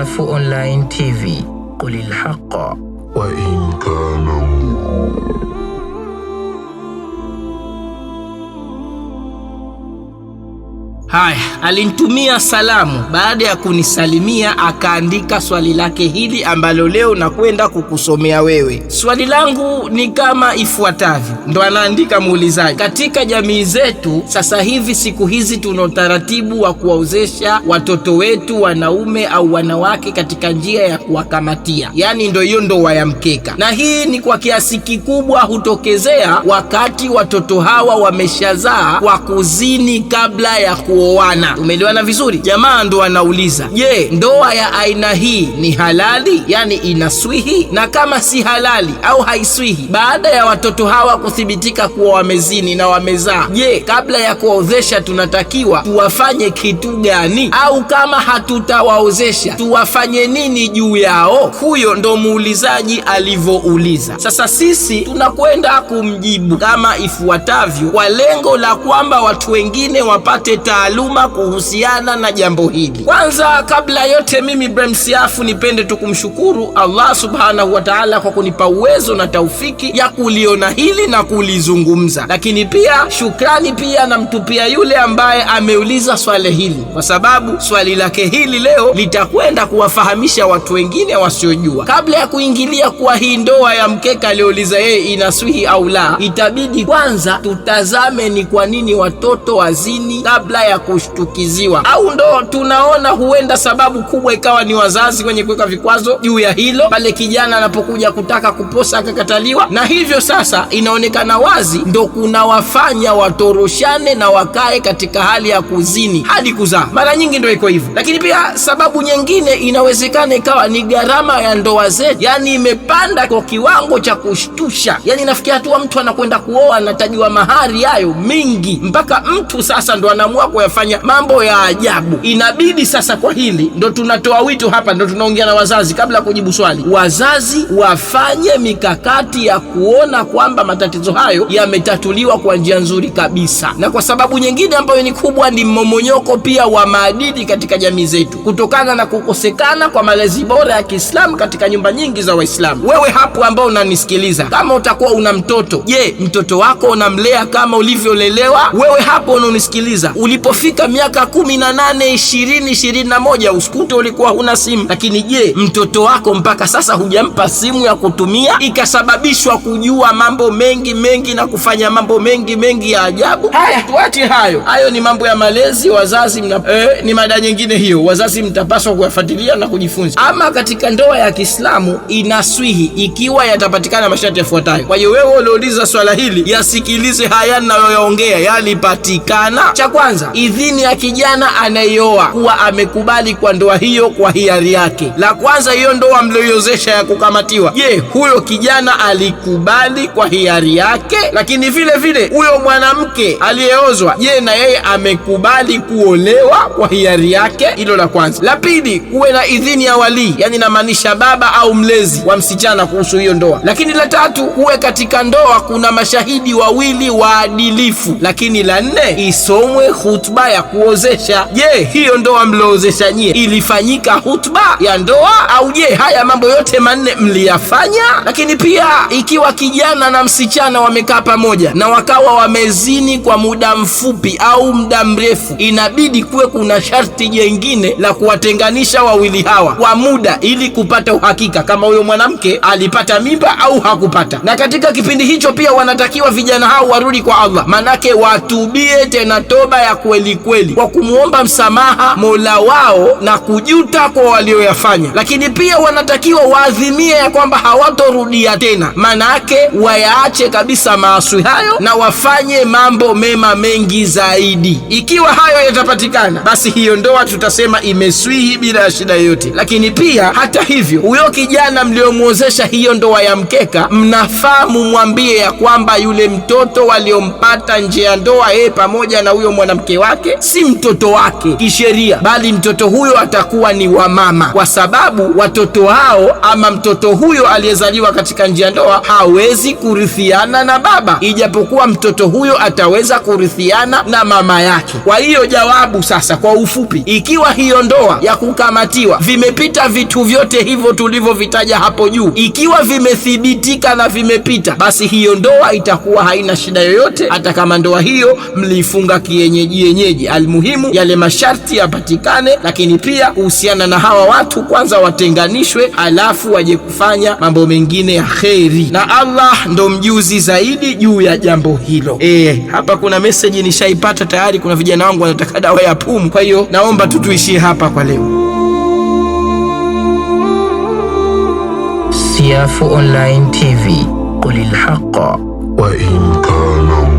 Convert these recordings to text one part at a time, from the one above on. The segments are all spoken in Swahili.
إلاف أونلاين تي في قل الحق وإن كان Haya, alinitumia salamu. Baada ya kunisalimia, akaandika swali lake hili ambalo leo nakwenda kukusomea wewe. Swali langu ni kama ifuatavyo, ndo anaandika muulizaji. Katika jamii zetu sasa hivi, siku hizi, tuna utaratibu wa kuwaozesha watoto wetu wanaume au wanawake katika njia ya kuwakamatia, yaani ndo hiyo ndoa ya mkeka, na hii ni kwa kiasi kikubwa hutokezea wakati watoto hawa wameshazaa kwa kuzini kabla ya ku kuoana. Umeelewana vizuri. Jamaa ndo anauliza, je, ndoa ya aina hii ni halali, yani inaswihi? Na kama si halali au haiswihi, baada ya watoto hawa kuthibitika kuwa wamezini na wamezaa, je, kabla ya kuwaozesha tunatakiwa tuwafanye kitu gani? Au kama hatutawaozesha tuwafanye nini juu yao? Huyo ndo muulizaji alivyouliza. Sasa sisi tunakwenda kumjibu kama ifuatavyo, kwa lengo la kwamba watu wengine wapate taarifa taaluma kuhusiana na jambo hili. Kwanza kabla yote, mimi Ibrahim Siafu nipende tu kumshukuru Allah subhanahu wa taala kwa kunipa uwezo na taufiki ya kuliona hili na kulizungumza, lakini pia shukrani pia namtupia yule ambaye ameuliza swali hili, kwa sababu swali lake hili leo litakwenda kuwafahamisha watu wengine wasiojua. Kabla ya kuingilia kuwa hii ndoa ya mkeka aliyouliza yeye inaswihi au la, itabidi kwanza tutazame ni kwa nini watoto wazini kabla ya kushtukiziwa, au ndo tunaona huenda sababu kubwa ikawa ni wazazi wenye kuweka vikwazo juu ya hilo, pale kijana anapokuja kutaka kuposa akakataliwa. Na hivyo sasa inaonekana wazi ndo kunawafanya watoroshane na wakae katika hali ya kuzini hadi kuzaa. Mara nyingi ndo iko hivyo, lakini pia sababu nyingine inawezekana ikawa ni gharama ya ndoa zetu, yani imepanda kwa kiwango cha kushtusha. Yani nafikia hatua mtu anakwenda kuoa anatajiwa mahari hayo mingi, mpaka mtu sasa ndo anaamua wanafanya mambo ya ajabu. Inabidi sasa, kwa hili ndo tunatoa wito hapa, ndo tunaongea na wazazi. Kabla ya kujibu swali, wazazi wafanye mikakati ya kuona kwamba matatizo hayo yametatuliwa kwa njia nzuri kabisa. Na kwa sababu nyingine ambayo ni kubwa ni mmomonyoko pia wa maadili katika jamii zetu, kutokana na kukosekana kwa malezi bora ya Kiislamu katika nyumba nyingi za Waislamu. Wewe hapo ambao unanisikiliza, kama utakuwa una mtoto, je, mtoto wako unamlea kama ulivyolelewa? Wewe hapo unaonisikiliza ulipo ukifika miaka kumi na nane ishirini ishirini na moja usikute ulikuwa huna simu. Lakini je, mtoto wako mpaka sasa hujampa simu ya kutumia ikasababishwa kujua mambo mengi mengi na kufanya mambo mengi mengi ya ajabu? Haya, tuache hayo, hayo ni mambo ya malezi wazazi mna, eh, ni mada nyingine hiyo. Wazazi mtapaswa kuyafuatilia na kujifunza. Ama katika ndoa ya Kiislamu inaswihi ikiwa yatapatikana masharti yafuatayo. Kwa hiyo wewe uliouliza swala hili yasikilize haya ninayoyaongea, yalipatikana. Cha kwanza idhini ya kijana anayeoa kuwa amekubali kwa ndoa hiyo kwa hiari yake. La kwanza, hiyo ndoa mlioiozesha ya kukamatiwa, je, huyo kijana alikubali kwa hiari yake? Lakini vile vile huyo mwanamke aliyeozwa, je, na yeye amekubali kuolewa kwa hiari yake? Hilo la kwanza. La pili, kuwe na idhini ya walii, yani namaanisha baba au mlezi wa msichana kuhusu hiyo ndoa. Lakini la tatu, kuwe katika ndoa kuna mashahidi wawili waadilifu. Lakini la nne, isomwe hutuba hutuba ya kuozesha. Je, hiyo ndoa mliozesha nyie ilifanyika hutuba ya ndoa au je, haya mambo yote manne mliyafanya? Lakini pia ikiwa kijana na msichana wamekaa pamoja na wakawa wamezini kwa muda mfupi au muda mrefu, inabidi kuwe kuna sharti jengine la kuwatenganisha wawili hawa kwa muda, ili kupata uhakika kama huyo mwanamke alipata mimba au hakupata. Na katika kipindi hicho pia wanatakiwa vijana hao warudi kwa Allah, manake watubie tena toba ya kweli kweli kwa kumwomba msamaha Mola wao na kujuta kwa walioyafanya, lakini pia wanatakiwa waadhimie ya kwamba hawatorudia tena, yake wayaache kabisa maaswi hayo na wafanye mambo mema mengi zaidi. Ikiwa hayo yatapatikana, basi hiyo ndoa tutasema imeswihi bila ya shida yoyote. Lakini pia hata hivyo, huyo kijana mliomwozesha hiyo ndoa ya mkeka, mnafaa mumwambie ya kwamba yule mtoto waliompata nje ya ndoa, yeye pamoja na huyo mwanamke wake wake si mtoto wake kisheria, bali mtoto huyo atakuwa ni wa mama, kwa sababu watoto hao ama mtoto huyo aliyezaliwa katika njia ndoa hawezi kurithiana na baba, ijapokuwa mtoto huyo ataweza kurithiana na mama yake. Kwa hiyo jawabu sasa, kwa ufupi, ikiwa hiyo ndoa ya kukamatiwa, vimepita vitu vyote hivyo tulivyovitaja hapo juu, ikiwa vimethibitika na vimepita, basi hiyo ndoa itakuwa haina shida yoyote, hata kama ndoa hiyo mliifunga kienyeji mwenyeji. Almuhimu yale masharti yapatikane, lakini pia kuhusiana na hawa watu kwanza watenganishwe, alafu waje kufanya mambo mengine ya kheri, na Allah ndo mjuzi zaidi juu ya jambo hilo. E, hapa kuna meseji nishaipata tayari, kuna vijana wangu wanataka dawa ya pumu, kwa hiyo naomba tu tuishie hapa kwa leo. Siafu Online TV, qulil haqa wa in kana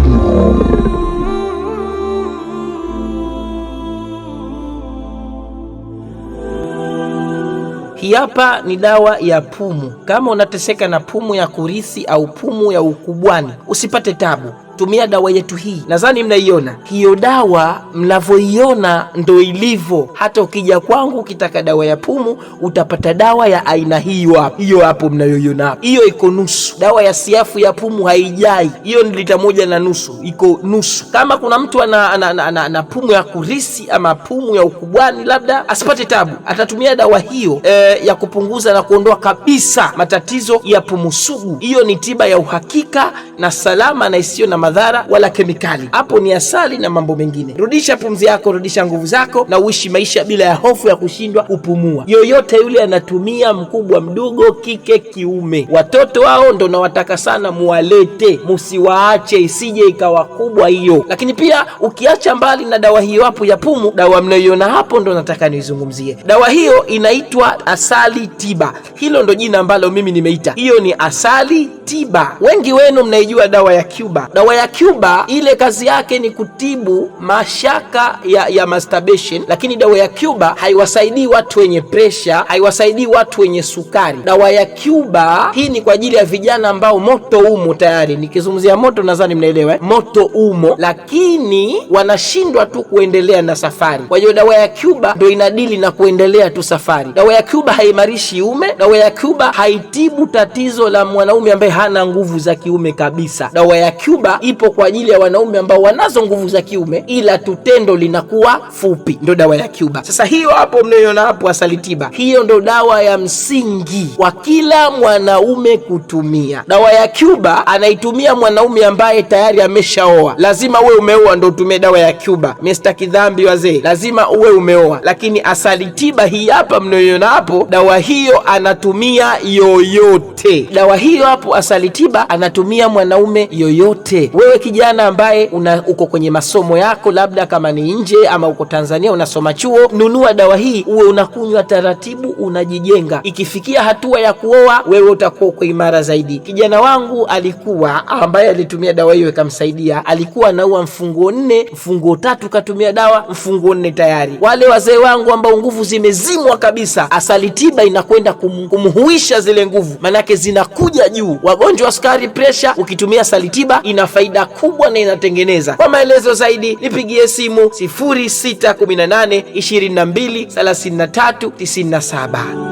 Hii hapa ni dawa ya pumu. Kama unateseka na pumu ya kurithi au pumu ya ukubwani, usipate tabu kutumia dawa yetu hii, nadhani mnaiona hiyo dawa. Mnavyoiona ndo ilivyo. Hata ukija kwangu ukitaka dawa ya pumu utapata dawa ya aina hiyo hapo, hiyo hapo mnayoiona hapo, hiyo iko nusu. Dawa ya siafu ya pumu haijai, hiyo ni lita moja na nusu, iko nusu. Kama kuna mtu ana, ana, ana, ana, ana pumu ya kurisi ama pumu ya ukubwani, labda asipate tabu, atatumia dawa hiyo e, ya kupunguza na kuondoa kabisa matatizo ya pumu sugu. Hiyo ni tiba ya uhakika na salama na isiyo na madhara wala kemikali. Hapo ni asali na mambo mengine. Rudisha pumzi yako, rudisha nguvu zako, na uishi maisha bila ya hofu ya kushindwa kupumua. Yoyote yule anatumia, mkubwa mdogo, kike kiume, watoto wao ndo nawataka sana muwalete, musiwaache, isije ikawa kubwa hiyo. Lakini pia ukiacha mbali na dawa hiyo hapo ya pumu, dawa mnayoiona hapo ndo nataka niizungumzie. Dawa hiyo inaitwa asali tiba, hilo ndo jina ambalo mimi nimeita. Hiyo ni asali tiba. Wengi wenu mnaijua dawa ya Cuba. Dawa ya Cuba ile kazi yake ni kutibu mashaka ya, ya masturbation, lakini dawa ya Cuba haiwasaidii watu wenye presha, haiwasaidii watu wenye sukari. Dawa ya Cuba hii ni kwa ajili ya vijana ambao moto umo tayari. Nikizungumzia moto, nadhani mnaelewa, eh? moto umo, lakini wanashindwa tu kuendelea na safari. Kwa hiyo dawa ya Cuba ndio inadili na kuendelea tu safari. Dawa ya Cuba haimarishi ume. Dawa ya Cuba haitibu tatizo la mwanaume ambaye hana nguvu za kiume kabisa. Dawa ya Cuba ipo kwa ajili ya wanaume ambao wanazo nguvu za kiume, ila tutendo linakuwa fupi, ndo dawa ya Cuba. Sasa hiyo hapo mnayoona hapo, asali tiba, hiyo ndo dawa ya msingi kwa kila mwanaume kutumia. Dawa ya Cuba anaitumia mwanaume ambaye tayari ameshaoa. Lazima uwe umeoa ndo utumie dawa ya Cuba, Mr. Kidhambi wazee, lazima uwe umeoa. Lakini asali tiba hii hapa mnayoiona hapo, dawa hiyo anatumia yoyote, dawa hiyo hapo asali tiba anatumia mwanaume yoyote. Wewe kijana ambaye una uko kwenye masomo yako, labda kama ni nje ama uko Tanzania unasoma chuo, nunua dawa hii uwe unakunywa taratibu, unajijenga. Ikifikia hatua ya kuoa, wewe utakuwa uko imara zaidi. Kijana wangu alikuwa ambaye alitumia dawa hiyo ikamsaidia, alikuwa anaua mfunguo nne, mfunguo tatu katumia dawa, mfunguo nne tayari. Wale wazee wangu ambao nguvu zimezimwa kabisa, asali tiba inakwenda kum, kumhuisha zile nguvu, manake zinakuja juu wagonjwa wa sukari, presha, ukitumia Salitiba ina faida kubwa na inatengeneza. Kwa maelezo zaidi nipigie simu 0618223397.